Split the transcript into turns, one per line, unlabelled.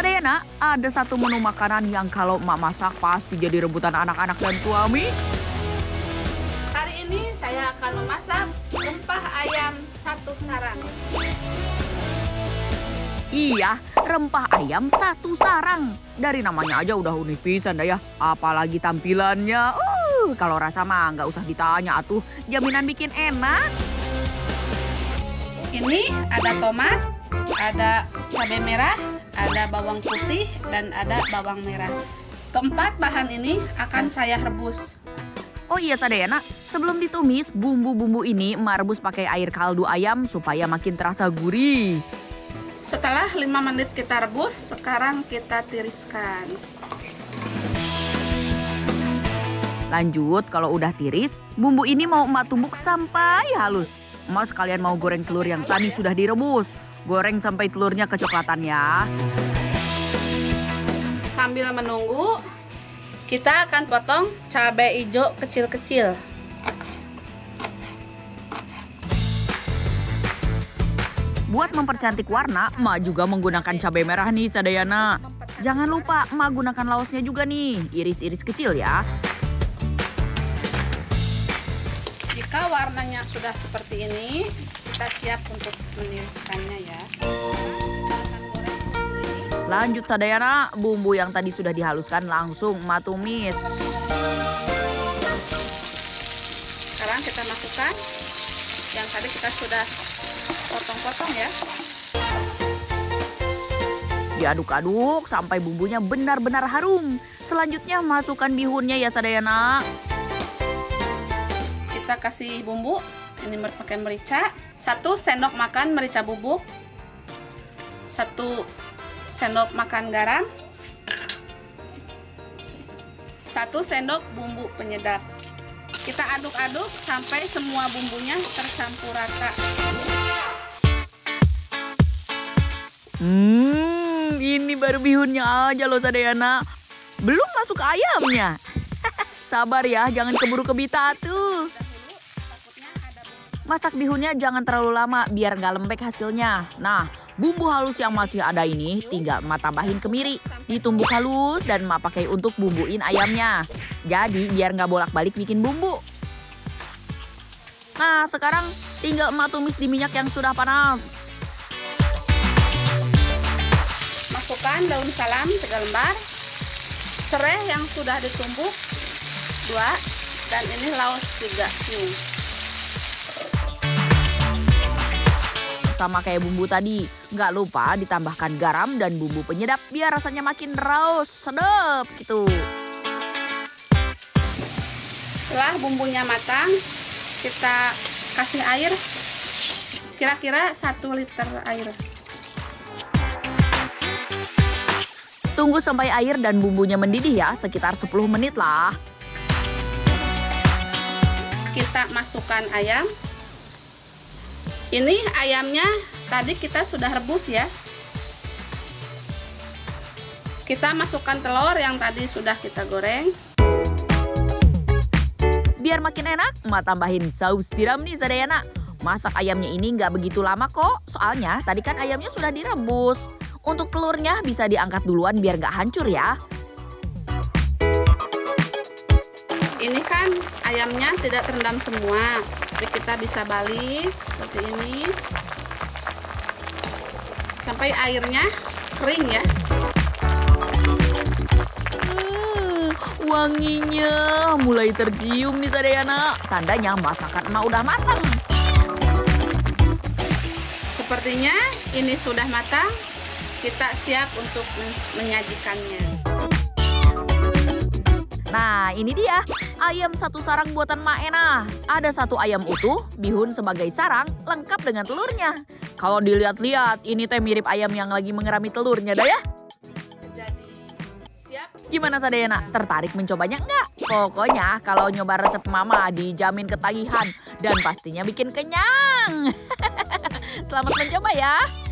nak, ada satu menu makanan yang kalau emak masak pasti jadi rebutan anak-anak dan suami.
Hari ini saya akan memasak rempah ayam satu sarang.
Iya, rempah ayam satu sarang. Dari namanya aja udah unik pisan dah ya, apalagi tampilannya. Uh, kalau rasa mah nggak usah ditanya atuh, jaminan bikin enak.
Ini ada tomat, ada cabai merah, ada bawang putih dan ada bawang merah. Keempat bahan ini akan saya rebus. Oh iya Sadayana, sebelum ditumis, bumbu-bumbu ini
emak rebus pakai air kaldu ayam supaya makin terasa gurih.
Setelah 5 menit kita rebus, sekarang kita tiriskan.
Lanjut, kalau udah tiris, bumbu ini mau emak tumbuk sampai halus. Mas kalian mau goreng telur yang tadi sudah direbus. Goreng sampai telurnya kecoklatan
ya. Sambil menunggu, kita akan potong cabai hijau kecil-kecil.
Buat mempercantik warna, Ma juga menggunakan cabai merah nih, Sadayana. Jangan lupa, Ma gunakan lausnya juga nih, iris-iris kecil ya.
Jika warnanya sudah seperti ini, kita siap untuk meniriskannya ya.
Lanjut Sadayana, bumbu yang tadi sudah dihaluskan langsung matumis.
Sekarang kita masukkan yang tadi kita sudah potong-potong ya.
Diaduk-aduk sampai bumbunya benar-benar harum. Selanjutnya masukkan
bihunnya ya Sadayana. Kita kasih bumbu ini pakai merica satu sendok makan merica bubuk satu sendok makan garam satu sendok bumbu penyedap kita aduk-aduk sampai semua bumbunya tercampur rata
hmm ini baru bihunnya aja loh Sadayana belum masuk ayamnya sabar ya jangan keburu kebita tuh Masak bihunnya jangan terlalu lama biar nggak lembek hasilnya. Nah, bumbu halus yang masih ada ini tinggal emak tambahin kemiri. Ditumbuk halus dan emak pakai untuk bumbuin ayamnya. Jadi biar nggak bolak-balik bikin bumbu. Nah, sekarang tinggal emak tumis di minyak yang sudah panas.
Masukkan daun salam tiga lembar, serai yang sudah ditumbuk dua, dan ini laos juga. nih. Hmm.
sama kayak bumbu tadi. Nggak lupa ditambahkan garam dan bumbu penyedap biar rasanya makin raus, sedap gitu.
Setelah bumbunya matang, kita kasih air kira-kira 1 liter air.
Tunggu sampai air dan bumbunya mendidih ya, sekitar 10 menit
lah. Kita masukkan ayam ini ayamnya tadi kita sudah rebus ya kita masukkan telur yang tadi sudah kita goreng
biar makin enak ma tambahin saus tiram nih Zadayana masak ayamnya ini nggak begitu lama kok soalnya tadi kan ayamnya sudah direbus untuk telurnya bisa diangkat duluan biar nggak hancur ya
ini kan ayamnya tidak terendam semua jadi kita bisa balik seperti ini sampai airnya kering ya uh,
wanginya mulai tercium nih Sadayana tandanya masakan emak udah matang
sepertinya ini sudah matang kita siap untuk menyajikannya
Nah, ini dia. Ayam satu sarang buatan Maena. Ada satu ayam utuh, bihun sebagai sarang, lengkap dengan telurnya. Kalau dilihat-lihat, ini teh mirip ayam yang lagi mengerami telurnya, dah ya? Gimana Sadayana? Tertarik mencobanya enggak? Pokoknya kalau nyoba resep mama dijamin ketagihan dan pastinya bikin kenyang. Selamat mencoba ya.